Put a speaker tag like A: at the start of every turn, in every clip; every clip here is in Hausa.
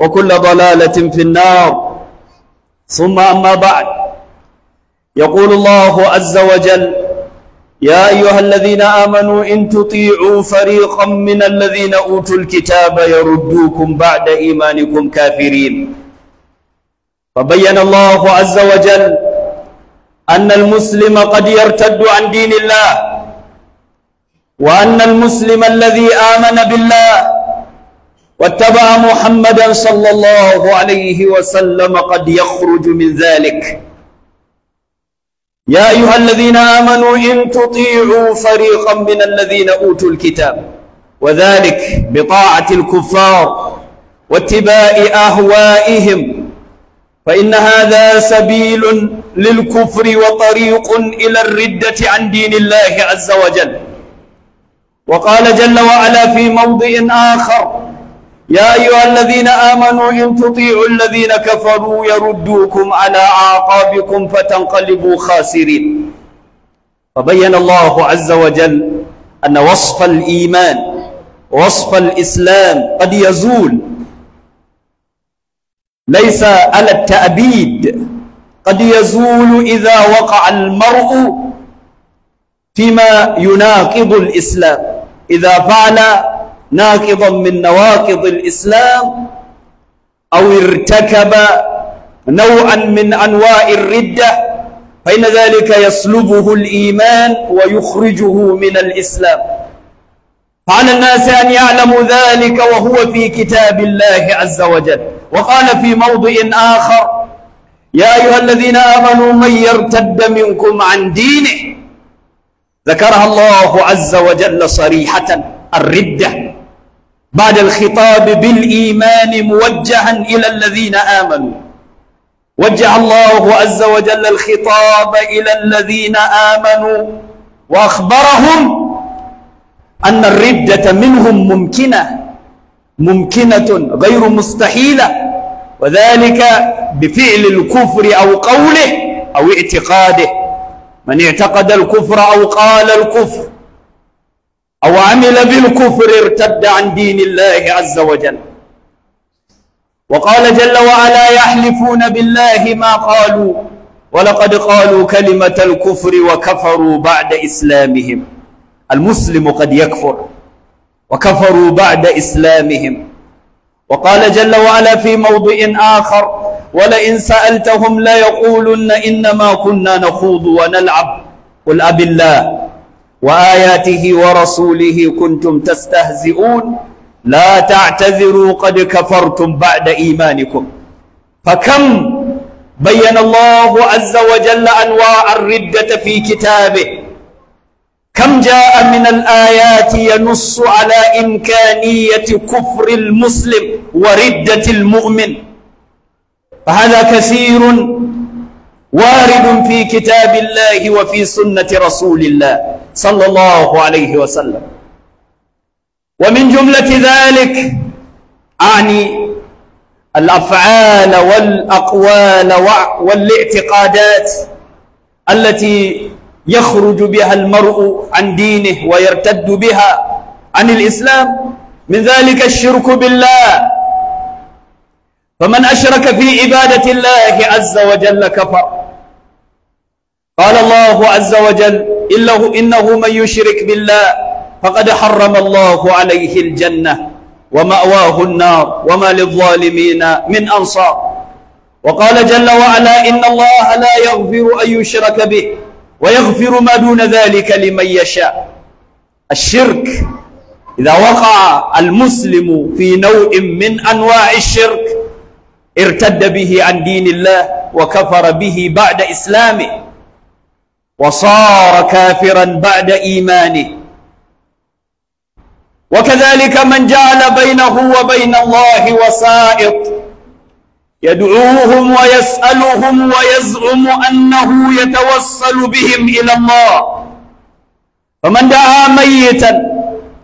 A: وكل ضلالة في النار ثم أما بعد يقول الله عز وجل يا أيها الذين آمنوا إن تطيعوا فريقا من الذين أوتوا الكتاب يردوكم بعد إيمانكم كافرين فبين الله عز وجل أن المسلم قد يرتد عن دين الله وأن المسلم الذي آمن بالله واتبع محمدا صلى الله عليه وسلم قد يخرج من ذلك يا أيها الذين آمنوا إن تطيعوا فريقا من الذين أوتوا الكتاب وذلك بطاعة الكفار واتباع أهوائهم فإن هذا سبيل للكفر وطريق إلى الردة عن دين الله عز وجل وقال جل وعلا في موضع آخر يا أيها الذين آمنوا إن تطيعوا الذين كفروا يردوكم على أعقابكم فتنقلبوا خاسرين فبين الله عز وجل أن وصف الإيمان وصف الإسلام قد يزول ليس على التأبيد قد يزول إذا وقع المرء فيما يناقض الإسلام إذا فعل ناقضا من نواقض الإسلام أو ارتكب نوعا من أنواع الردة فإن ذلك يسلبه الإيمان ويخرجه من الإسلام فعلى الناس أن يعلموا ذلك وهو في كتاب الله عز وجل وقال في موضع آخر يا أيها الذين آمنوا من يرتد منكم عن دينه ذكرها الله عز وجل صريحة الردة بعد الخطاب بالإيمان موجها إلى الذين آمنوا وجه الله عز وجل الخطاب إلى الذين آمنوا وأخبرهم أن الردة منهم ممكنة ممكنة غير مستحيلة وذلك بفعل الكفر أو قوله أو اعتقاده من اعتقد الكفر أو قال الكفر أو عمل بالكفر ارتد عن دين الله عز وجل وقال جل وعلا يحلفون بالله ما قالوا ولقد قالوا كلمة الكفر وكفروا بعد إسلامهم المسلم قد يكفر وكفروا بعد إسلامهم وقال جل وعلا في موضع آخر ولئن سألتهم ليقولن إنما كنا نخوض ونلعب قل أب الله وآياته ورسوله كنتم تستهزئون لا تعتذروا قد كفرتم بعد إيمانكم فكم بين الله عز وجل أنواع الردة في كتابه كم جاء من الآيات ينص على إمكانية كفر المسلم وردة المؤمن فهذا كثير وارد في كتاب الله وفي سنة رسول الله صلى الله عليه وسلم ومن جملة ذلك أعني الأفعال والأقوال والاعتقادات التي يخرج بها المرء عن دينه ويرتد بها عن الإسلام من ذلك الشرك بالله فمن أشرك في عبادة الله عز وجل كفر قال الله عز وجل إلا إنه من يشرك بالله فقد حرم الله عليه الجنة ومأواه النار وما للظالمين من أنصار وقال جل وعلا إن الله لا يغفر أن يشرك به ويغفر ما دون ذلك لمن يشاء الشرك إذا وقع المسلم في نوع من أنواع الشرك ارتد به عن دين الله وكفر به بعد إسلامه وصار كافرا بعد إيمانه وكذلك من جعل بينه وبين الله وسائط يدعوهم ويسألهم ويزعم أنه يتوسل بهم إلى الله فمن دعا ميتا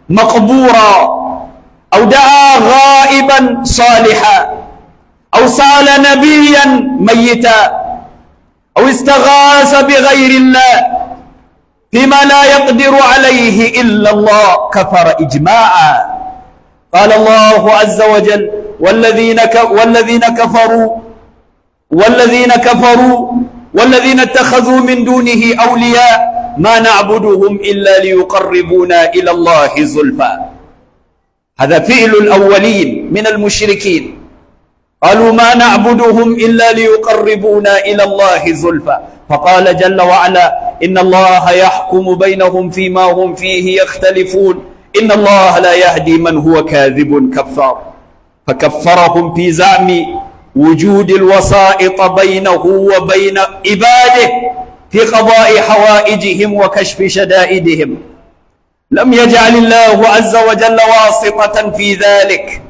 A: مقبورا أو دعا غائبا صالحا أو سأل نبيا ميتا أو استغاث بغير الله فيما لا يقدر عليه إلا الله كفر إجماعا قال الله عز وجل والذين والذين كفروا والذين كفروا والذين اتخذوا من دونه أولياء ما نعبدهم إلا ليقربونا إلى الله زلفى هذا فعل الأولين من المشركين قالوا ما نعبدهم إلا ليقربونا إلى الله زلفى فقال جل وعلا إن الله يحكم بينهم فيما هم فيه يختلفون إن الله لا يهدي من هو كاذب كفار فكفرهم في زعم وجود الوسائط بينه وبين عباده في قضاء حوائجهم وكشف شدائدهم لم يجعل الله عز وجل واسطة في ذلك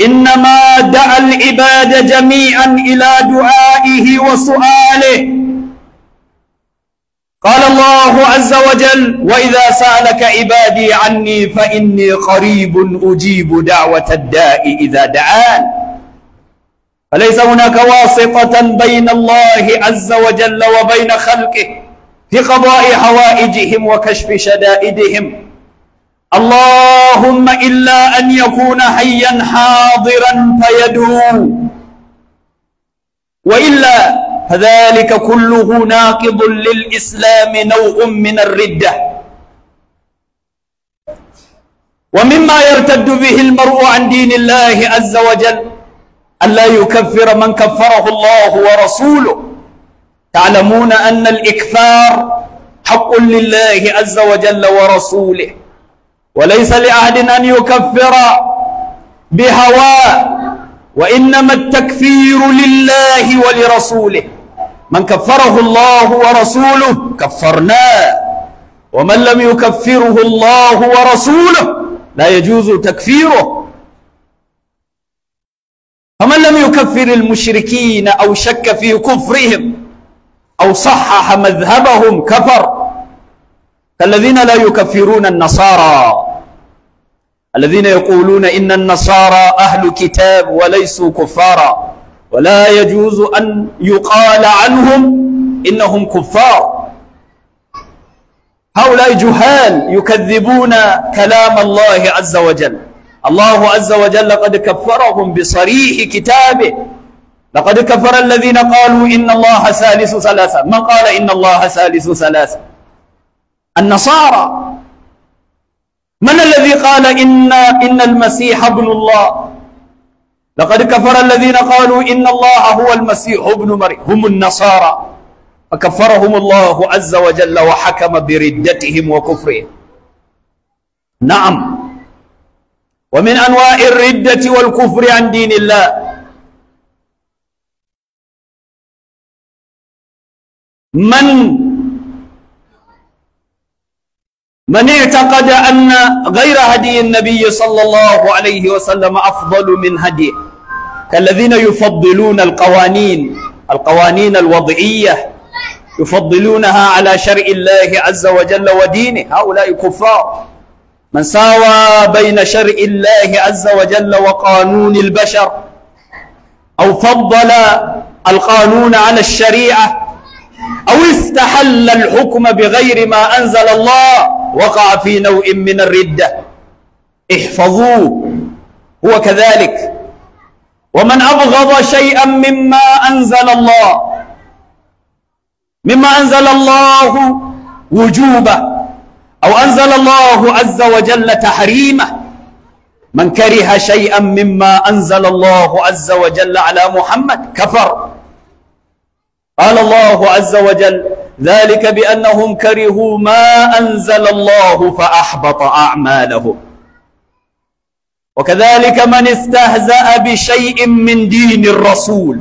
A: إنما دعا العباد جميعا إلى دعائه وسؤاله قال الله عز وجل وإذا سألك عبادي عني فإني قريب أجيب دعوة الداء إذا دعان فليس هناك واسطة بين الله عز وجل وبين خلقه في قضاء حوائجهم وكشف شدائدهم اللهم إلا أن يكون حيا حاضرا فيدعو وإلا فذلك كله ناقض للإسلام نوع من الردة ومما يرتد به المرء عن دين الله عز وجل ألا يكفر من كفره الله ورسوله تعلمون أن الإكفار حق لله عز وجل ورسوله وليس لأحد أن يكفر
B: بهواء
A: وإنما التكفير لله ولرسوله من كفره الله ورسوله كفرناه ومن لم يكفره الله ورسوله لا يجوز تكفيره فمن لم يكفر المشركين أو شك في كفرهم أو صحح مذهبهم كفر كالذين لا يكفرون النصارى الذين يقولون إن النصارى أهل كتاب وليسوا كفارا ولا يجوز أن يقال عنهم إنهم كفار هؤلاء جهال يكذبون كلام الله عز وجل الله عز وجل قد كفرهم بصريح كتابه لقد كفر الذين قالوا إن الله ثالث ثلاثة من قال إن الله ثالث ثلاثة النصارى من الذي قال إن إن المسيح ابن الله لقد كفر الذين قالوا إن الله هو المسيح ابن مريم هم النصارى فكفرهم الله عز وجل وحكم بردتهم وكفرهم نعم ومن أنواع الردة والكفر عن دين الله من من اعتقد أن غير هدي النبي صلى الله عليه وسلم أفضل من هدي كالذين يفضلون القوانين القوانين الوضعية يفضلونها على شرع الله عز وجل ودينه هؤلاء كفار من ساوى بين شرع الله عز وجل وقانون البشر أو فضل القانون على الشريعة أو استحل الحكم بغير ما أنزل الله وقع في نوع من الردة احفظوه هو كذلك ومن أبغض شيئا مما أنزل الله مما أنزل الله وجوبه أو أنزل الله عز وجل تحريمه من كره شيئا مما أنزل الله عز وجل على محمد كفر قال الله عز وجل ذلك بأنهم كرهوا ما أنزل الله فأحبط أعمالهم وكذلك من استهزأ بشيء من دين الرسول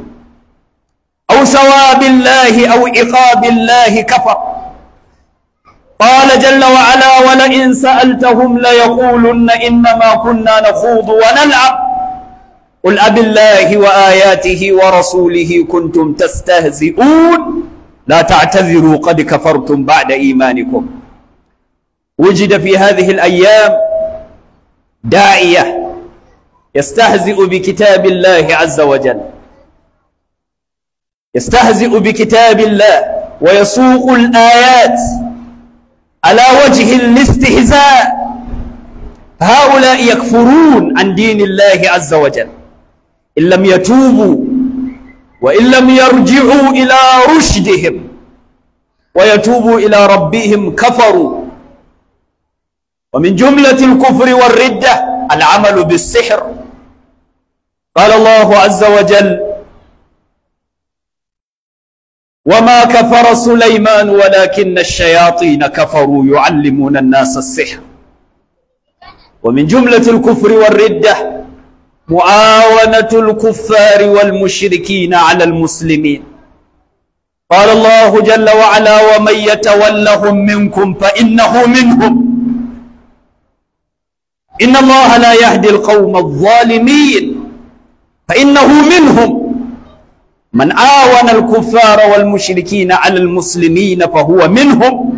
A: أو ثواب الله أو عقاب الله كفر قال جل وعلا ولئن سألتهم ليقولن إنما كنا نخوض ونلعب قل أب الله وآياته ورسوله كنتم تستهزئون لا تعتذروا قد كفرتم بعد إيمانكم وجد في هذه الأيام داعية يستهزئ بكتاب الله عز وجل يستهزئ بكتاب الله ويسوق الآيات على وجه الاستهزاء هؤلاء يكفرون عن دين الله عز وجل إن لم يتوبوا وإن لم يرجعوا إلى رشدهم ويتوبوا إلى ربهم كفروا ومن جملة الكفر والردة العمل بالسحر قال الله عز وجل وما كفر سليمان ولكن الشياطين كفروا يعلمون الناس السحر ومن جملة الكفر والردة معاونة الكفار والمشركين على المسلمين قال الله جل وعلا ومن يتولهم منكم فإنه منهم إن الله لا يهدي القوم الظالمين فإنه منهم من آون الكفار والمشركين على المسلمين فهو منهم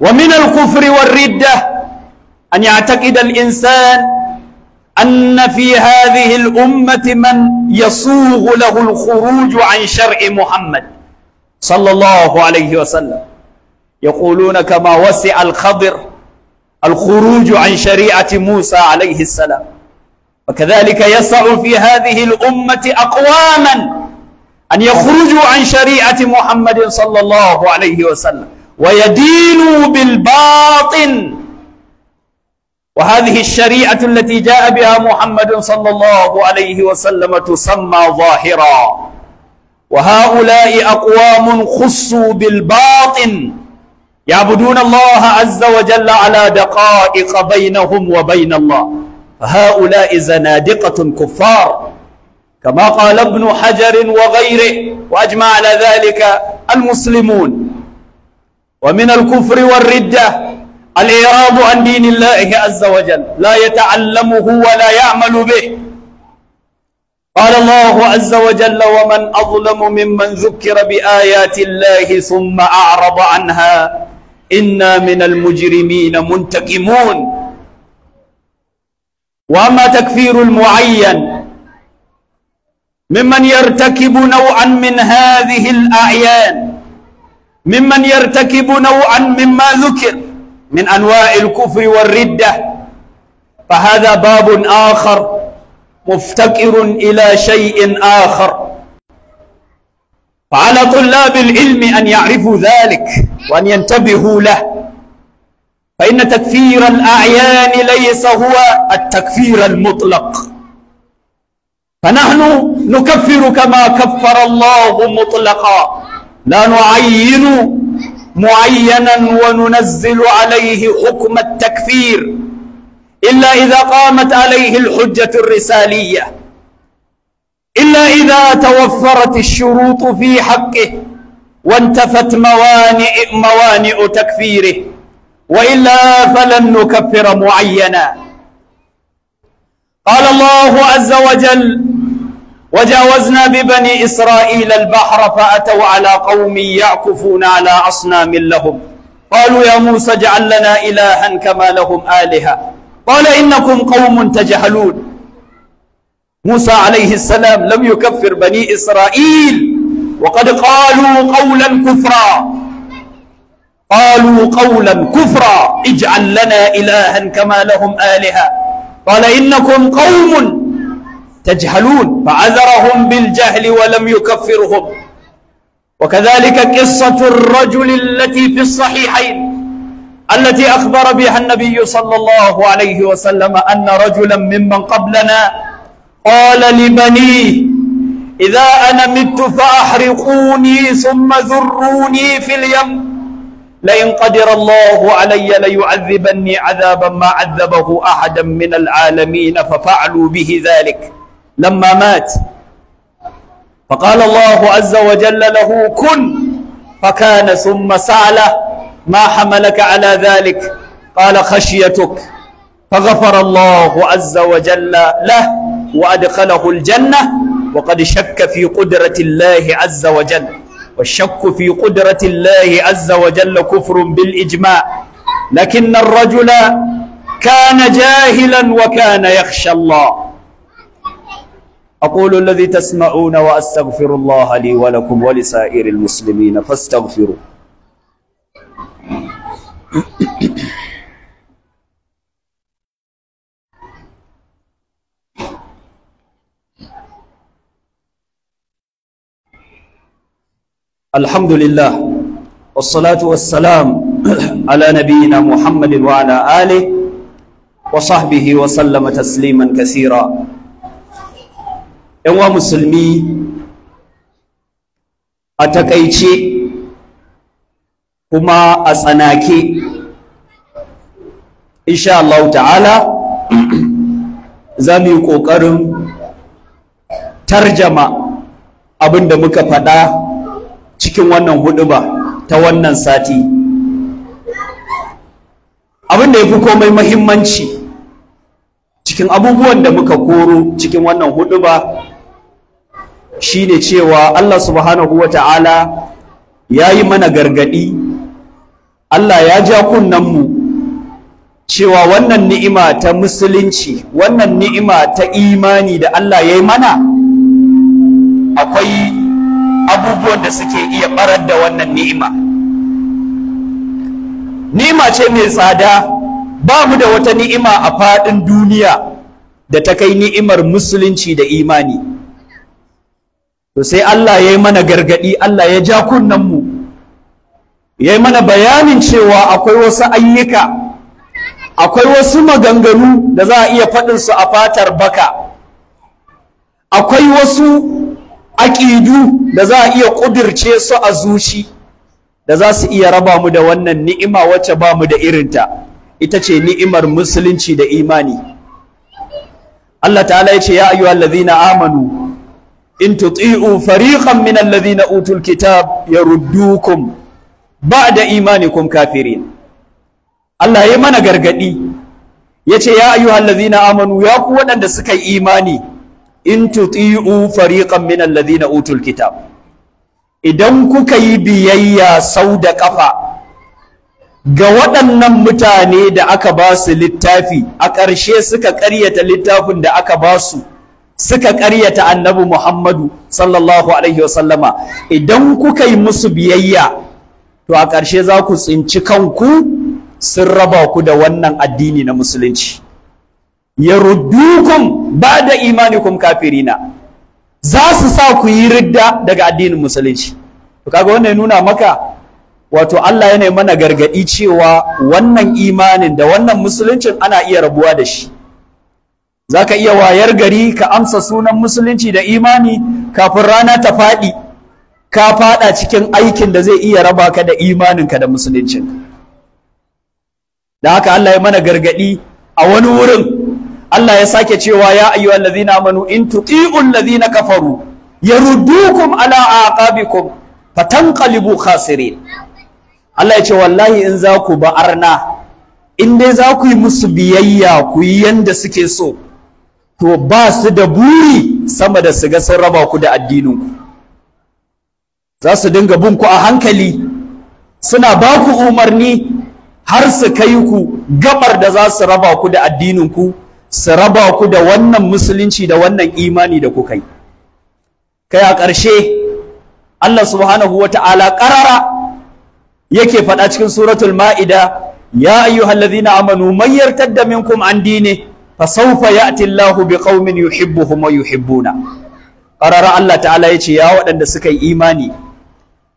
A: ومن الكفر والردة أن يعتقد الإنسان أن في هذه الأمة من يصوغ له الخروج عن شرع محمد صلى الله عليه وسلم يقولون كما وسع الخضر الخروج عن شريعة موسى عليه السلام وكذلك يسع في هذه الأمة أقواما أن يخرجوا عن شريعة محمد صلى الله عليه وسلم ويدينوا بالباطن وهذه الشريعة التي جاء بها محمد صلى الله عليه وسلم تسمى ظاهرا وهؤلاء أقوام خصوا بالباطن يعبدون الله عز وجل على دقائق بينهم وبين الله فهؤلاء زنادقة كفار كما قال ابن حجر وغيره وأجمع على ذلك المسلمون ومن الكفر والردة الإعراض عن دين الله عز وجل لا يتعلمه ولا يعمل به قال الله عز وجل ومن أظلم ممن ذكر بآيات الله ثم أعرض عنها إنا من المجرمين منتقمون وأما تكفير المعين ممن يرتكب نوعا من هذه الأعيان ممن يرتكب نوعا مما ذكر من أنواع الكفر والردة فهذا باب آخر مفتقر إلى شيء آخر فعلى طلاب العلم أن يعرفوا ذلك وأن ينتبهوا له فإن تكفير الأعيان ليس هو التكفير المطلق فنحن نكفر كما كفر الله مطلقا لا نعين معينا وننزل عليه حكم التكفير إلا إذا قامت عليه الحجة الرسالية إلا إذا توفرت الشروط في حقه وانتفت موانئ موانئ تكفيره وإلا فلن نكفر معينا قال الله عز وجل وجاوزنا ببني إسرائيل البحر فأتوا على قوم يعكفون على أصنام لهم قالوا يا موسى اجعل لنا إلها كما لهم آلهة قال إنكم قوم تجهلون موسى عليه السلام لم يكفر بني إسرائيل وقد قالوا قولا كفرا قالوا قولا كفرا اجعل لنا إلها كما لهم آلهة قال إنكم قوم تجهلون فعذرهم بالجهل ولم يكفرهم وكذلك قصة الرجل التي في الصحيحين التي أخبر بها النبي صلى الله عليه وسلم أن رجلا ممن قبلنا قال لبنيه إذا أنا مت فأحرقوني ثم ذروني في اليم لئن قدر الله علي ليعذبني عذابا ما عذبه أحدا من العالمين ففعلوا به ذلك لما مات فقال الله عز وجل له كن فكان ثم سأله ما حملك على ذلك قال خشيتك فغفر الله عز وجل له وأدخله الجنة وقد شك في قدرة الله عز وجل والشك في قدرة الله عز وجل كفر بالإجماع لكن الرجل كان جاهلا وكان يخشى الله أقول الذي تسمعون وأستغفر الله لي ولكم ولسائر المسلمين فاستغفروا الحمد لله والصلاة والسلام على نبينا محمد وعلى آله وصحبه وسلم تسليما كثيرا yanwa musulmi a takaice kuma a tsanake insha Allah ta'ala za mu yi ƙoƙarin tarjama abin da muka faɗa cikin wannan huduba ta wannan sati abin da ya fi komai mahimmanci cikin abubuwan da muka koro cikin wannan huɗuba shine cewa Allah subhanahu ta'ala ya yi mana gargadi Allah ya ja kunnanmu cewa wannan ni'ima ta musulunci wannan ni'ima ta imani da Allah ya yi mana akwai abubuwan da suke iya barar da wannan ni'ima ni'ima ce mai tsada ba mu da wata ni'ima a faɗin duniya da ta kai ni'imar musulunci da imani to sai Allah ya yi mana gargaɗi Allah ya ja mu. ya yi mana bayanin cewa akwai wasu ayyuka akwai wasu maganganu da za a iya faɗinsu a fatar baka akwai wasu aƙidu da za a iya ƙudirce su a zuci da za su iya raba mu da wannan ni'ima wacce ba mu da irinta ita ce ni'imar musulunci da imani Allah ta'ala ya ce ya ayyuhallazina amanu in tuti'u fariqan min alladhina utul kitab yaruddukum ba'da imanikum kafirin Allah ya mana gargadi yace ya ayyuhallazina amanu ya ku waɗanda suka yi imani in tuti'u fariqan min alladhina utul kitab idan kuka yi biyayya sau da kafa ga waɗannan mutane da aka ba su littafi a ƙarshe suka ƙaryata littafin da aka ba su suka ƙaryata annabi Muhammadu sallallahu alaihi wasallama idan kuka yi musu biyayya to a ƙarshe za ku tsinci kanku sun raba ku da wannan addini na musulunci ya ruddukum ba da imanikum kafirina za su sa ku yi ridda daga addinin musulunci to kaga wannan nuna maka wato Allah yana mana gargaɗi cewa wannan imanin da wannan musuluncin ana iya rabuwa da shi za ka iya wayar gari ka amsa sunan musulunci da imani kafin rana ta faɗi ka faɗa cikin aikin da zai iya raba ka da imaninka da musuluncin. da haka Allah ya mana gargaɗi a wani wurin Allah ya sake cewa ya ayyu allazina amanu in tuti'u allazina kafaru yaruddukum ala aqabikum fatanqalibu khasirin Allah ya ce wallahi in za ku ba arna in dai za ku yi musu biyayya ku yi yanda suke so to ba su da buri sama da su ga sun raba ku da addininku za su dinga bin ku a hankali suna ba ku umarni har su kai ku gabar da za su raba ku da addininku su raba ku da wannan musulunci da wannan imani da kuka yi kai a ƙarshe Allah subhanahu wa ta'ala ƙarara yake faɗa cikin suratul ma'ida ya ayyuhallazina amanu man minkum an dine fasaufa ya'ti Allahu biqaumin yuhibbuhum wa yuhibbuna qarara Allah ta'ala yace ya waɗanda suka yi imani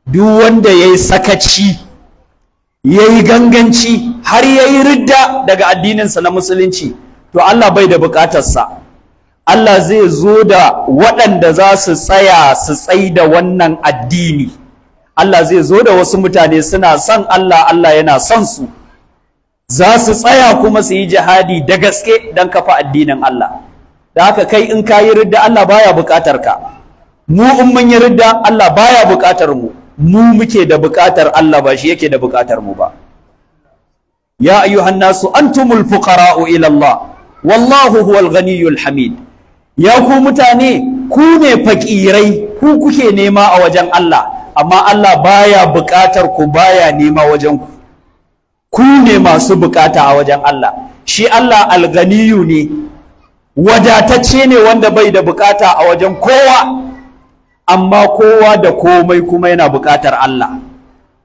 A: duk wanda yayi sakaci yayi ganganci har yayi ridda daga addinin sa na musulunci to Allah bai da buƙatarsa. Allah zai zo da waɗanda za su tsaya su tsaida wannan addini Allah zai zo da wasu mutane suna son Allah Allah yana son su za su tsaya kuma su yi jihadi da gaske don kafa addinin Allah da haka kai in ka yi ridda Allah baya buƙatar ka mu in mun yi ridda Allah baya buƙatar mu mu muke da buƙatar Allah ba shi yake da buƙatar mu ba ya ayyuhan nasu antumul fuqara'u ila Allah wallahu huwal ghaniyyul hamid ya ku mutane ku ne fakirai ku kuke nema a wajen Allah amma Allah baya buƙatar ku baya nema wajen ku ku ne masu bukata a wajen Allah shi Allah alganiyu ne wadatacce ne wanda bai da bukata a wajen kowa amma kowa da komai kuma yana bukatar Allah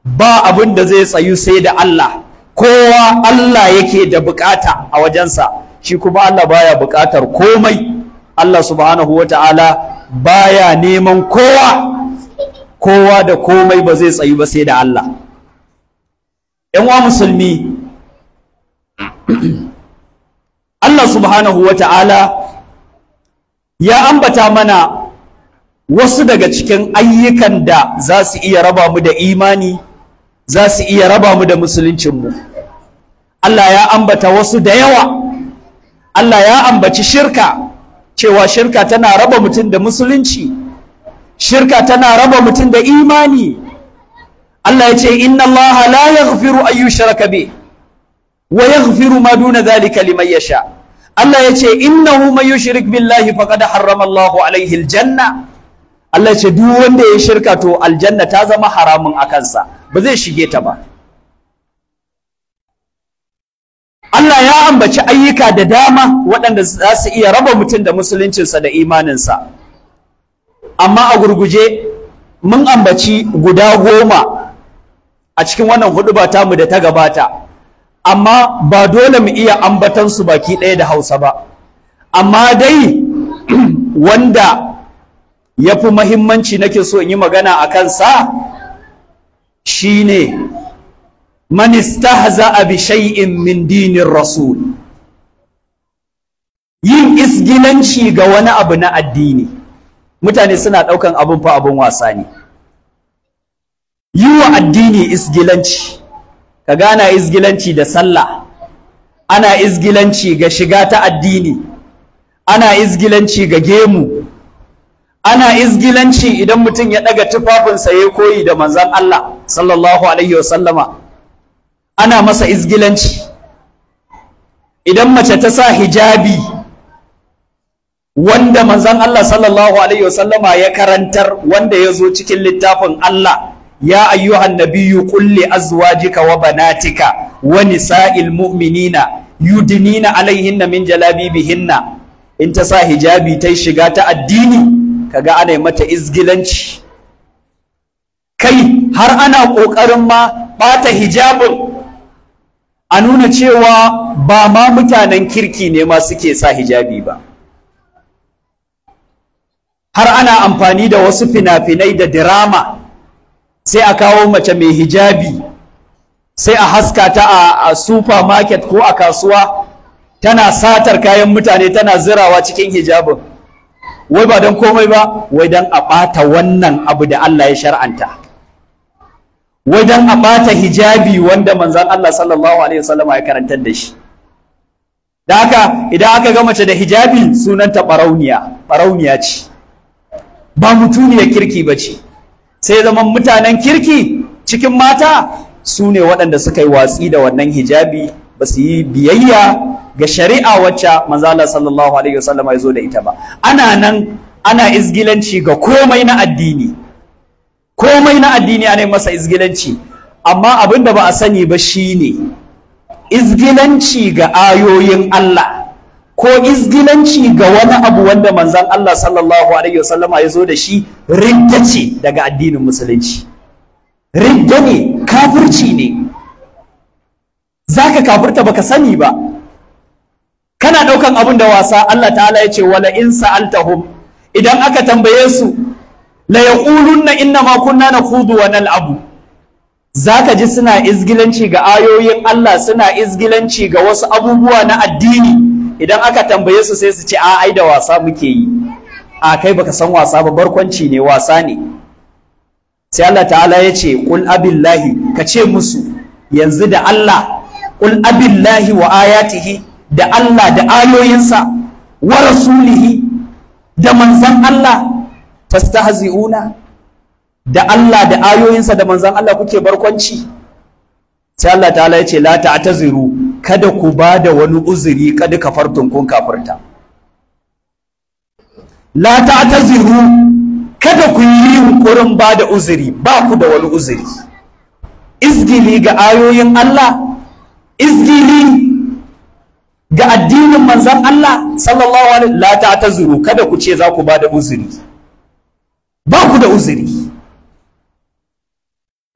A: ba abin da zai tsayu sai da Allah kowa Allah yake da bukata a wajensa shi kuma Allah baya bukatar komai Allah subhanahu wata'ala baya neman kowa kowa da komai ba zai tsayu ba sai da Allah Yanwa musulmi Allah subhanahu wa ta'ala ya ambata mana wasu daga cikin ayyukan da za su iya raba mu da imani za su iya raba mu da musuluncinmu Allah ya ambata wasu da yawa Allah ya ambaci shirka cewa shirka tana raba mutum da musulunci shirka tana raba mutum da imani Allah ya ce inna Allah la yaghfiru an yushraka bi wa yaghfiru ma duna dhalika liman sha. Allah ya ce innahu man yushrik billahi faqad harrama Allah alaihi aljanna Allah ya ce duk wanda ya yi shirka to aljanna ta zama haramun a kansa ba zai shige ta ba Allah ya ambaci ayyuka da dama waɗanda za su iya raba mutum da musuluncinsa da imaninsa amma a gurguje mun ambaci guda goma a cikin wannan huduba mu da ta gabata amma ba dole mu iya ambatan su baki ɗaya da Hausa ba amma dai wanda ya fi mahimmanci nake so in yi magana a kansa shi shine za a bi shay'in min dinin rasul yin isgilanci ga wani abu na addini mutane suna ɗaukan abin fa abin wasa ne yi wa addini isgilanci ka gana isgilanci da sallah ana isgilanci ga shiga ta addini ana isgilanci ga gemu ana izgilanci idan mutum ya ɗaga tufafinsa ya koyi da manzan Allah sallallahu alaihi wasallama ana masa izgilanci idan mace ta sa hijabi wanda manzan Allah sallallahu alaihi wasallama ya karantar wanda ya zo cikin littafin Allah Ya يا أيها النبي wa banatika, وبناتك ونساء المؤمنين يدنين عليهن من جلابيبهن in ta sa hijabi ta shiga ta addini kaga ana yi mata izgilanci kai har ana ƙoƙarin ma ɓata hijabun a nuna cewa ba ma mutanen kirki ne ma suke sa hijabi ba har ana amfani da wasu fina-finai da dirama sai a kawo mace mai hijabi sai a haska ta a supermarket ko a kasuwa tana satar kayan mutane tana zirawa cikin hijabin wai ba don komai ba wai don a ɓata wannan abu da Allah ya shar'anta wai don a ɓata hijabi wanda manzan Allah sallallahu alaihi wasallama ya karantar da shi da haka idan aka ga mace da hijabi sunanta ɓarauniya barauniya ce ba mutuniyar kirki ba ce sai zama mutanen kirki cikin mata su ne waɗanda suka yi watsi da wannan hijabi ba su yi biyayya ga shari'a wacce manzo sallallahu alaihi wasallama ya zo da ita ba ana nan ana izgilanci ga komai na addini komai na addini ana masa izgilanci amma abin da ba a sani ba shine izgilanci ga ayoyin Allah ko izgilanci ga wani abu wanda manzan Allah sallallahu alaihi wasallama ya zo da shi ridda ce daga addinin musulunci ridda ne kafirci ne zaka kafirta baka sani ba kana ɗaukan abun da wasa Allah ta'ala ya ce wala in sa'altahum idan aka tambaye su la na inna ma kunna nakhudu wa nal'abu zaka ji suna izgilanci ga ayoyin Allah suna izgilanci ga wasu abubuwa na addini idan aka tambaye su sai su ce a ai da wasa muke yi a kai baka san wasa ba barkwanci ne wasa ne sai Allah ta'ala ya ce kul abillahi ka ce musu yanzu da Allah kul abillahi wa ayatihi da Allah da ayoyinsa wa rasulihi da manzan Allah tastahzi'una da Allah da ayoyinsa da manzan Allah kuke barkwanci sai Allah ta'ala ya ce la ta'taziru kada ku ba da wani uzuri kada ka fartun kun kafirta la ta'taziru kada ku yi yunkurin ba da uzuri ba ku da wani uzuri izgili ga ayoyin Allah izgili ga addinin manzon Allah sallallahu alaihi la ta'taziru kada ku ce za ku ba da uzuri ba ku da uzuri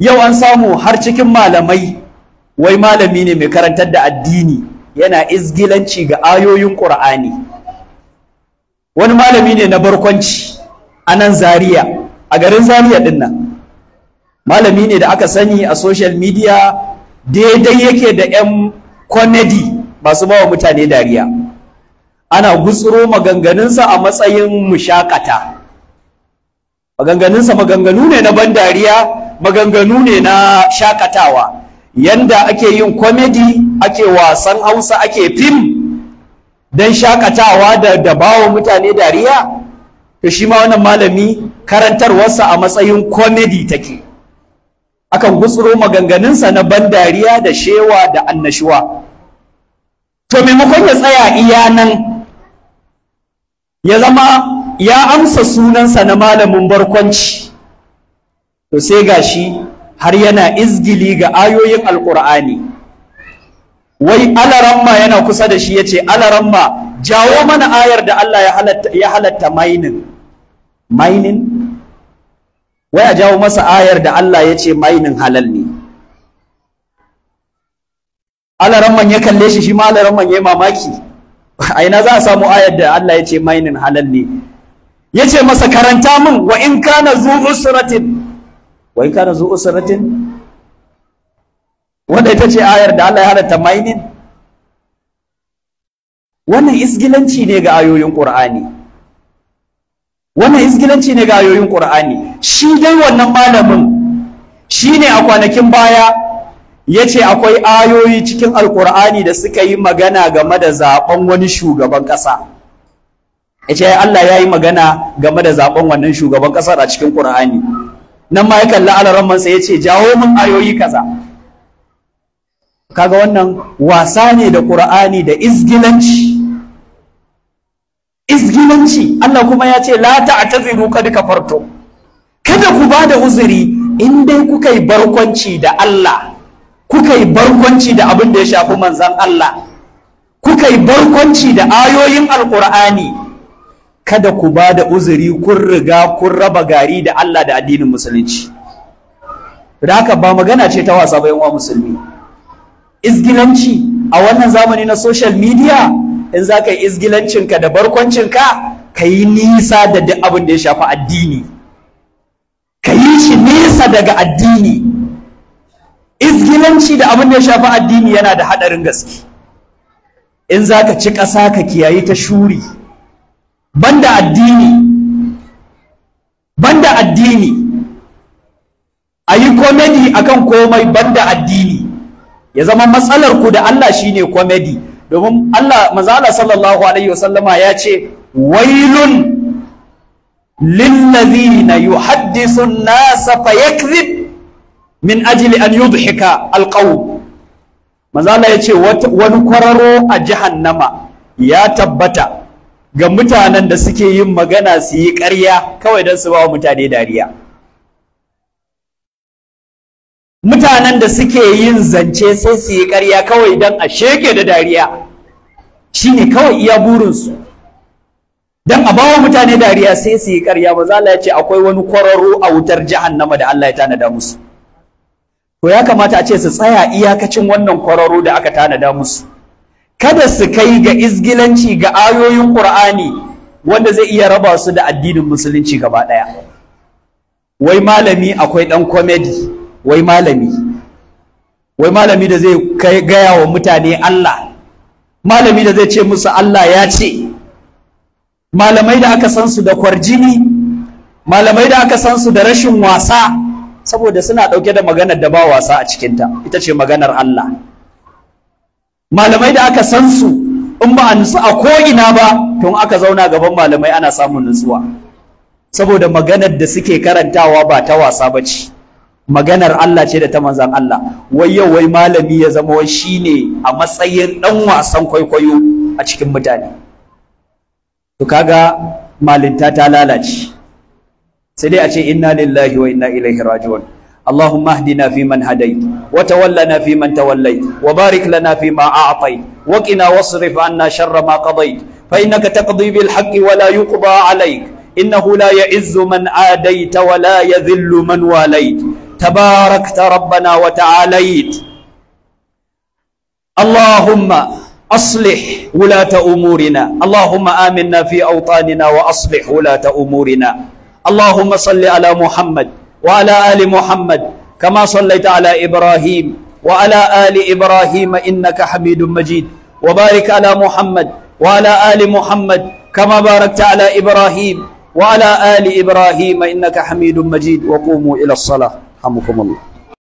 A: yau an samu har cikin malamai wai malami ne mai karantar da addini yana izgilanci ga ayoyin ƙur'ani wani malami ne na barkwanci a nan zariya a garin Zariya dinnan. malami ne da aka sani a social media daidai yake da 'yan kwanadi masu bawa mutane dariya ana gutsuro maganganunsa a matsayin mushakata maganganunsa maganganu ne na ban dariya maganganu ne na shakatawa yanda ake yin komedi ake wasan hausa ake fim don shakatawa da dabawa mutane dariya to shi ma wannan malami karantarwarsa a matsayin komedi take akan gutsuro maganganunsa na ban dariya da shewa da annashuwa to maimakon ya tsaya iya nan ya zama ya amsa sunansa na malamin barkwanci to sai gashi har yana izgili ga ayoyin alkur'ani wai alaramma yana kusa da shi ya ce alaramma jawo mana ayar da Allah ya halatta mainin mainin wai a jawo masa ayar da Allah ya ce mainin halal ne alaramman ya kalle shi shi ma alaramman ya yi mamaki a ina za a samu ayar da Allah ya ce mainin halal ne ya ce masa karanta min wa in kana zu usratin wa in kana zu usratin wanda ita ce ayar da Allah ya halatta mainin wannan isgilanci ne ga ayoyin Qur'ani wannan isgilanci ne ga ayoyin Qur'ani shi dai wannan malamin shine a kwanakin baya yace akwai ayoyi cikin alqur'ani da suka yi magana game da zaben wani shugaban ƙasa yace Allah ya yi magana game da zaben wannan shugaban ƙasar a cikin Qur'ani nan ma ya kalli mansa ya ce jawo min ayoyi kaza kaga wannan wasa ne da ƙur'ani da izgilanci izgilanci Allah kuma ya ce la ta'taziru kad kafarto kada ku ba da uzuri in dai kuka yi barkwanci da Allah kuka yi barkwanci da abin da ya shafi manzan Allah kuka yi barkwanci da ayoyin alƙur'ani kada ku ba da uzuri kun riga kun raba gari da Allah da addinin musulunci da haka ba magana ce ta wasa bayan wa musulmi izgilanci a wannan zamani na social media in za ka yi izgilancinka da barkwancinka ka yi nisa da duk abin da ya shafi addini ka yi shi nisa daga addini izgilanci da abin da ya shafi addini yana da haɗarin gaske in za ka ci ƙasa ka kiyayi ta shuri banda addini banda addini a yi komedi akan komai banda addini ya zama matsalar ku da Allah shine komedi domin Allah mazala sallallahu alaihi wasallama ya ce wailun lillazina yuhaddisu an-nasa fayakzib min ajli an yudhika alqawm mazala ya ce wani kwararo a jahannama ya tabbata ga mutanen da suke yin magana su yi ƙarya kawai don su ba mutane dariya mutanen da suke yin zance sai su yi ƙarya kawai don a sheke da dariya shine kawai iya burinsu don a bawa mutane dariya sai su yi ƙarya ba za ya ce akwai wani kwararo a wutar jahannama da Allah ya tanada musu to ya kamata a ce su tsaya iyakacin wannan kwararo da aka tanada musu kada su kai ga izgilanci ga ayoyin ƙur'ani wanda zai iya raba su da addinin musulunci gaba ɗaya wai malami akwai ɗan komedi wai malami wai malami da zai gaya wa mutane Allah malami da zai ce musu Allah ya ce malamai da aka san su da kwarjini malamai da aka san su da rashin wasa saboda suna ɗauke da maganar da ba wasa a cikinta ita ce maganar Allah malamai da aka san su in ba a nutsu a ko'ina ba tun aka zauna gaban malamai ana samun nutsuwa saboda maganar da suke karantawa ba ta wasa ba ce maganar Allah ce da ta manzan Allah wai yau wai malami ya zama wai shine a matsayin ɗan wasan kwaikwayo a cikin mutane to kaga malinta ta lalace sai dai a ce inna lillahi wa inna ilaihi raji'un اللهم اهدنا فيمن هديت وتولنا فيمن توليت وبارك لنا فيما أعطيت وقنا واصرف عنا شر ما قضيت فإنك تقضي بالحق ولا يقضى عليك إنه لا يعز من عاديت ولا يذل من واليت تباركت ربنا وتعاليت اللهم أصلح ولاة أمورنا اللهم آمنا في أوطاننا وأصلح ولاة أمورنا اللهم صل على محمد وعلى آل محمد كما صليت على إبراهيم وعلى آل إبراهيم إنك حميد مجيد وبارك على محمد وعلى آل محمد كما باركت على إبراهيم وعلى آل إبراهيم إنك حميد مجيد وقوموا إلى الصلاة حمكم الله